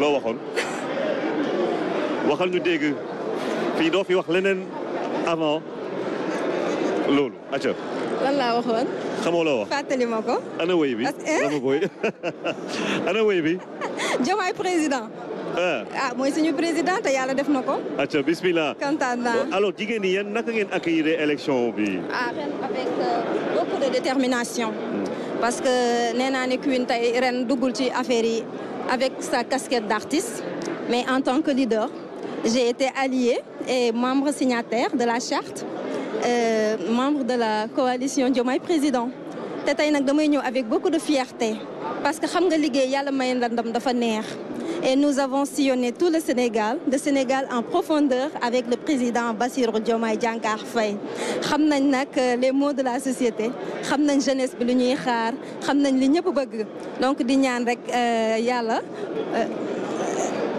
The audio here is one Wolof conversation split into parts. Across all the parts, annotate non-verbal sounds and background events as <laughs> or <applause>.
loo waxoon waxal ñu dégg avant ana <laughs> ana président ah, ah suñu président def ko bismillah alors jigéen naka accueillir ah, avec euh, beaucoup de détermination hmm. parce que nee naa ne ren avec sa casquette d'artiste, mais en tant que leader. J'ai été alliée et membre signataire de la charte, euh, membre de la coalition Diomaye Président. avec beaucoup de fierté parce que xam nga que yàlla la ndam dafa et nous avons sillonné tout le Sénégal, le Sénégal en profondeur avec le président Bassirou Diomaye Diankar Faye. Nous euh, savons les mots de la société savons la jeunesse bi lu ñuy nous savons ce li ñëpp bëgg donc di ñaan rek euh, euh,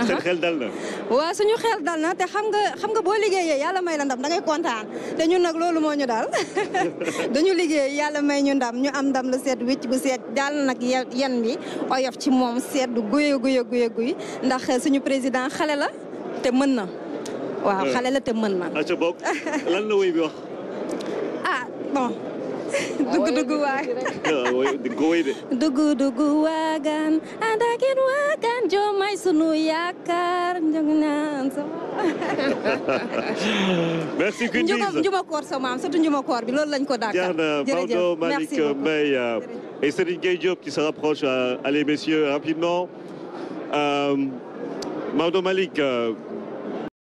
seen xel dal na. waaw suñu xel dal na te xam nga xam nga boo liggéeyee yàlla may la ndam da ngay kontaan te ñun nag loolu moo ñu daal <laughs> dañu liggéey yàlla may ñu ndam ñu am ndam la seet wicc bu seet daal nag yan bi oyof ci moom seet du guye guye guye guy ndax suñu président xale la te mën na. waaw eh. xale la te mën na. aca ah, bokk <laughs> lan la woy bi wax. ah bon. Ah, dugg dugg waay. Ah, dugg dugg waagaan ànd ak merci qui se rapproche euh, allez messieurs rapidement euh, euh,